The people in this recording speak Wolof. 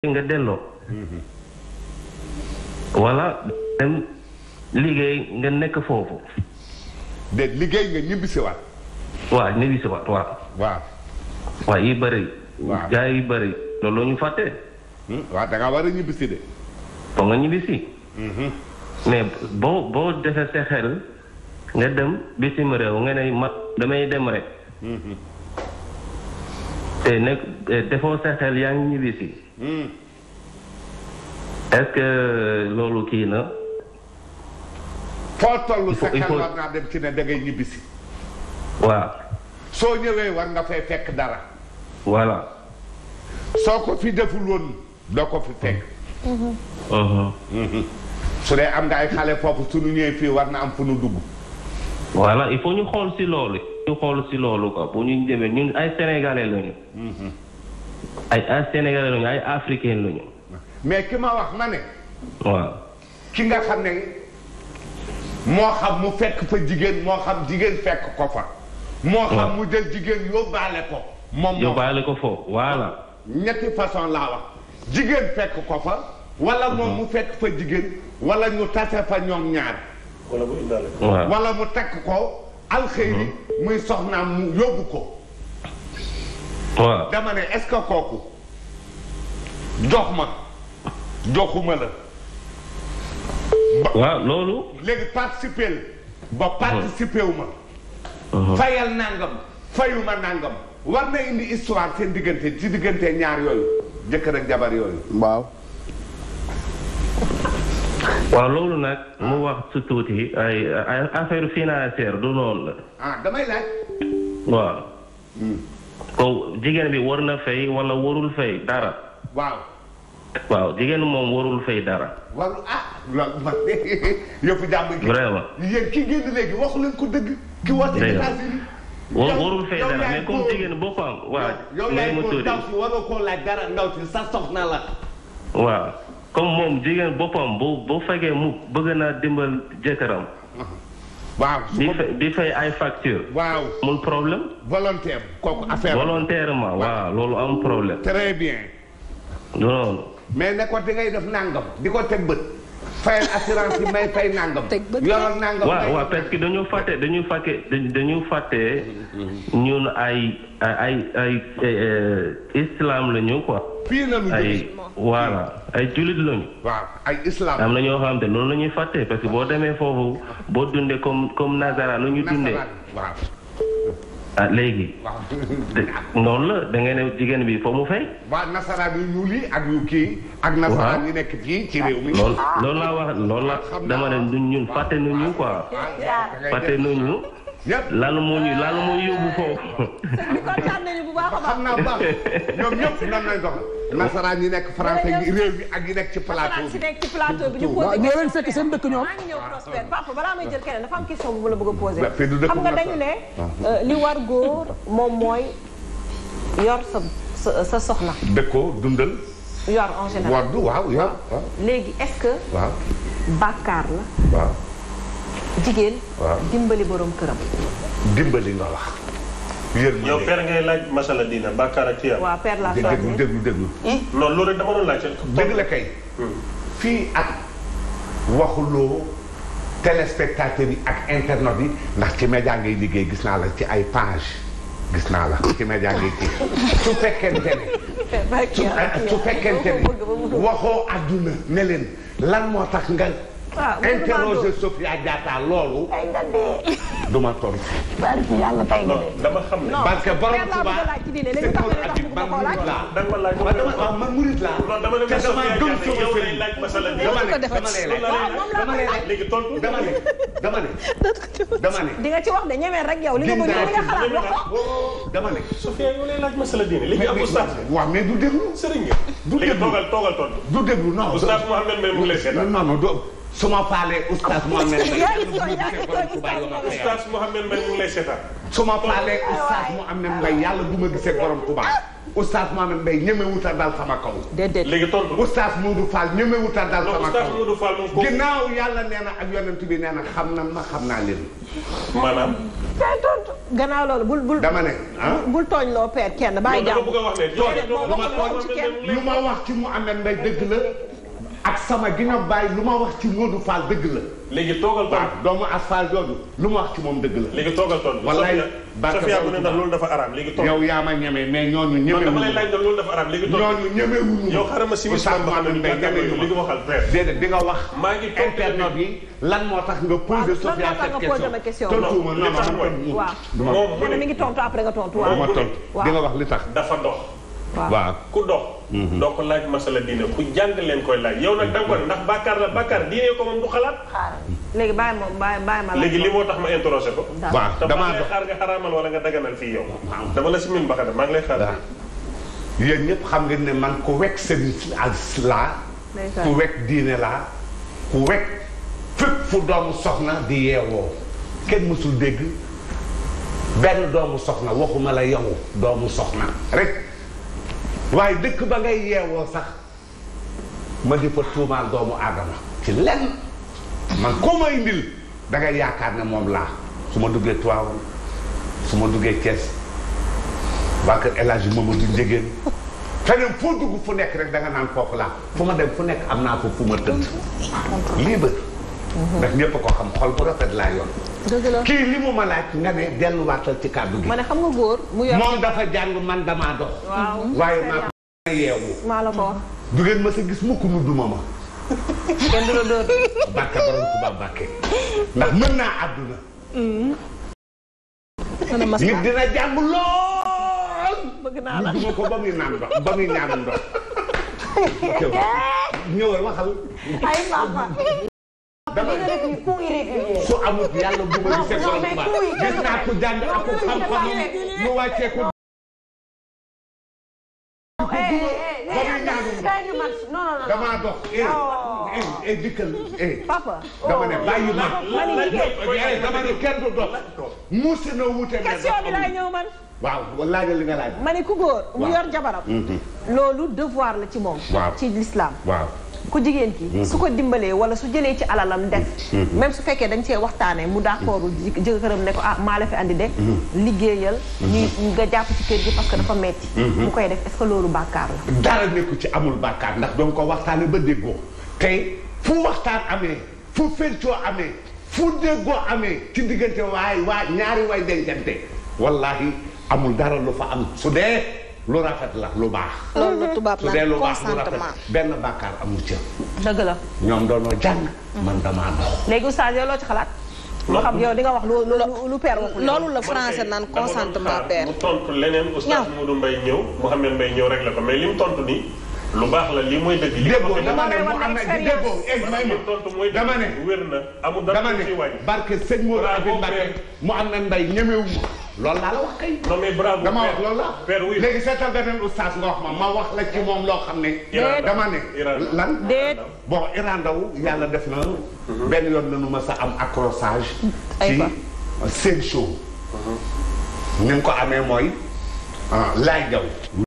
nga delloo wala dem liggéey nga nekk foofu de liggéey nga ñibbisiwaat waaw ñibbisiwaat waaw waaw waaw yi bëri gaa yi bëri loolu ñu fàtte hmm, waaw da war a ñibbisi de foo nga ñibbisi hmm. mais boo boo defee sa xel nga dem bisim réew nga ne ma damay dem rek hmm. te nekk eh, defoo sa xel yaa ngi ñibbisi Hmm. est loolu kii na. foo toll sa xel war naa dem ci ne da ngay ñibbisi. waaw. soo ñëwee war nga fay fekk dara. walla soo ko fi deful woon doo ko fi fekk. Uh-huh. Uh-huh. Mm-hmm. su dee am nga ay xale foofu su ñu fii war na am fu ñu dugg. voilà il faut ñu xool si loolu. ñu xool si loolu quoi bu ñu demee ñun ay sénégalais lañu. Mm-hmm. ay ay Sénégalais lañu ay africain lañu. mais ki ma wax ma ne. waaw. ki nga xam ne moo xam mu fekk fa jigéen moo xam jigéen fekk ko fa. moo xam mu jël jigéen yóbbaale ko. moom moom ko foofu voilà. ñetti façon laa jigéen fekk ko fa. wala moom mu mhm. fekk fa jigéen. walla ñu tase fa ñoom ñaar. wala mu indaale ko. wala mu takk ko. alxeyri mhm. muy soxnaam yóbbu ko. waaw dama ne est-ce que kooku jox ma joxuma la. waaw loolu. léegi participer ba participer wu ma. Uh-huh. fayal nangam fayuma nangam war na indi histoire seen diggante ci diggante ñaar yooyu jëkkër ak jabar yooyu. waaw. loolu nag mu wax su tuuti ay affaire financière du noonu la. ah damay laaj. waaw. Hmm. ko jigéen bi war na fay wala warul fay dara. waaw. waaw jigéen moom warul fay dara. warul ah loolu man yëpp jàmm. vraiment yéen ki génn léegi waxu leen ko dëgg. ki woote États-Unis. warul fay dara mais comme jigéen boppam. waaw yow yaay ko ndaw si waroo koo laaj dara ndaw si sa soxna la. waaw comme moom jigéen boppam bu bu fekkee mu bëgg naa dimbal jëkkëram. Uh-huh. waaw su ko di fay ay facture waaw amul problème. volontaire kooku affaire volontairement waaw loolu am problème. très bien. non. mais ne ko di ngay def nangam di ko teg bët. fayal bi may fay nangam. yoral nangam waaw waaw parce que dañoo fàtte dañu fàtte dañu fàtte ñun ay ay ay eh, islam la ñu quoi. fii na lu ay voilà ay jullit lañu. am na ñoo xamante noonu la ñuy fàtte parce que boo demee foofu boo dundee comme comme nasaraan la ñu dundee. waaw. ah léegi. waaw la da ngay ne jigéen bi foo mu fay. waa nasaraan ak yu kii. yu nekk fii ci réew mi. loolu loolu laa wax loolu la dama ne ñun fàtte nañu quoi fàtte nañu. yëpp lan moo ñu lan moo ñu yóbbu foofu. kontaan nasaraan yi nekk français yi réew mi ak yi nekk ci plateau bi. nekk ci plateau bi ñu posé ñoo leen fekk seen dëkk ñoom. maa ngi ñëw Prospère papa balaa may jël keneen dafa am question bu ma la bëgg a posé. xam nga dañu ne. Ah. Euh, li war góor moom mooy yor sa sa soxna. dëkkoo dundal. yor en général war du waaw yor. léegi est-ce que. waaw bàkkaar la. waaw. jigéen. waaw dimbali borom këram. dimbali nga wax. yërmande yow père ngay laaj masala diina bàkkaar ak tiyaab. waaw père la loolu rek dama doon laaj. dëgg la hmm. ak internet yi ndax ci média ngay liggéey gis naa la ci ay page gis naa la ci média ngay kii su fekkente ne. su waxoo àdduna ne lan moo tax nga. interroger Sofia Diatta loolu. du ma tontu. yàlla tey nga de. dama xam ne parce que borom Tuuba te kon Habib man murid laa. man dama man murid laa. dama ne dama ne dama ne dama ne. di nga ci wax de ñemee rek yow li nga bëgg li nga xalaat wax ko. dama ne. Sofia yow lay laaj masala diine léegi ab oustaz. waaw mais du déglu. sëriñ nga. du déglu léegi toogal toogal tontu. du déglu non. oustaz Mouhamed Mbaye mu ngi lay seetal. non non su ma paalee oustaz Mouhamed Mbaye. oustaz Mouhamed Mbaye mu ngi lay seetaan. su ma yàlla du ma gisee borom Touba. oustaz Mouhamed Mbaye ñeme wuta dal sama kaw. déedéet léegi tontu oustaz Modou Fall ñeme wuta dal sama kaw ginnaaw yàlla nee na ak yonent bi nee na xam na ma xam naa leen. maanaam. tey tontu gannaaw loolu bul bul. dama ne ah bul tooñ loo peer kenn bàyyi jàmm. loolu dama a wax ne. tooñ lu ma wax ci ak sama gi nga bàyyi lu ma wax ci Modou Fall dëgg la. léegi toogal tontu waaw doomu asfaal jooju lu wax ci moom dëgg la. léegi toogal tontu. wallaay barke bu ne ndax loolu dafa araam léegi tontu mais ñooñu ñeme. man li nga di nga wax. maa ngi tontu lan moo tax nga posé. ngi tontu après nga tontu waaw. waaw di nga wax li tax dafa dox waaw ku dox mhm. doo ko laaj masala diine ku jàng leen koy laaj yow nag da nga ko ndax bàkkaar la bàkkaar diine ko moom du xalaat léegi bàyyi moom bàyyi ma léegi li moo tax ma interroger ko waaw damaa dox xaar nga xaraamal wala nga daganal fii yow dama la si min baxada maa ngi lay xaar yéen ñëpp xam nga ne man ku wekk seen as laa ku wekk diine laa ku wekk fépp fu doomu soxna di yeewoo kenn mësul dégg benn doomu soxna waxuma la yow doomu soxna rek waaye dëkk ba ngay yeewoo sax ma di fa tuumaal doomu aadama ci lenn man koo may indil da ngay yaakaar ne moom laa su ma duggee Tiwaawan su ma duggee Thiès waa kër El Hadj Mamadou Ndiégéen feneen foo dugg fu nekk rek da nga naan foofu laa fu ma dem fu nekk am naa fa fu ma tëdd lii ba mhm. ndax ñépp ko xam xol bu rafet laa yoon kii li mu ma laaj nga ne delluwaatal ci kàddu gi. ma ne xam nga góor mu yor moom dafa jàng man damaa dox. Mhm. waaye maa ko yeewu. maa la ko wax. du ngeen ma sa gis mukk mu duma ma. kenn du la dóor. bàkke borom tubaab bàkke ndax mën naa àdduna. Mhm. nit dina jàng lool. bëgg naa la duma ko ba muy naan ndox ba muy ñaan ndox. ñëwal waxal. ay papa. dama su amut yàlla bu ma gisee loolu ma gis naa ko jàng ak ko xam-xam mu wàccee ko. Eh, eh, eh, damaa dox. Oh. eh eh dikkal eh. papa dama ne bàyyi ma. Oh, dama ne kenn du dox. muus na wuute ne question bi laa ñëw man. waaw laajal li nga laaj. ma ne ku góor mu yor jabaram. Mhm. loolu devoir la ci moom. ci l'islam waaw. ku jigéen ki mhm. su ko dimbalee wala su jëlee ci alalam def mhm. même su fekkee dañ cee waxtaanee mu d'accord mhm. jëkkëram ne ko ah maa la fi andi de liggéeyal ñuy nga jàpp ci kër gi parce que dafa metti mu koy def est-ce que loolu bàkkaar la dara nekku ci amul bàkkaar ndax doon ko waxtaanee ba déggoo tey fu waxtaan amee fu feccoo amee fu déggoo amee ci diggante waay waa ñaari waay dencante wallahi amul dara lu fa am su dee lu rafet la lu baax. loolu la tubaab naan lu baax lu rafet benn bàkkaar amul ca. dëgg la ñoom doonoo jàng. man damaa dox. léegi oustaz yow loo xalaat. loo xam yow di nga wax lu lu lu père waxul loolu la français naan consentement père. mu tontu leneen oustaz Modou Mbaye ñëw. Mouhamed Mbaye ñëw rek la ko mais li mu tontu nii. lu baax la lii mooy dëgg. li mu dama ne mu am na déggoo eh dama ne. wér na amul dama ne barke sëñ Modou Abid Mbacké mu am na nday ñemewuma loolu laa la wax kay. non mais bravo dama wax loolu la. père oui léegi seetal beneen oustaz nga wax ma ma wax la ci moom loo xam ne. dama ne lan. déet bon Iran Ndao yàlla def na. benn yoon ma sa am accrochage. ci seen show. Mhm. ko amee mooy. ah laay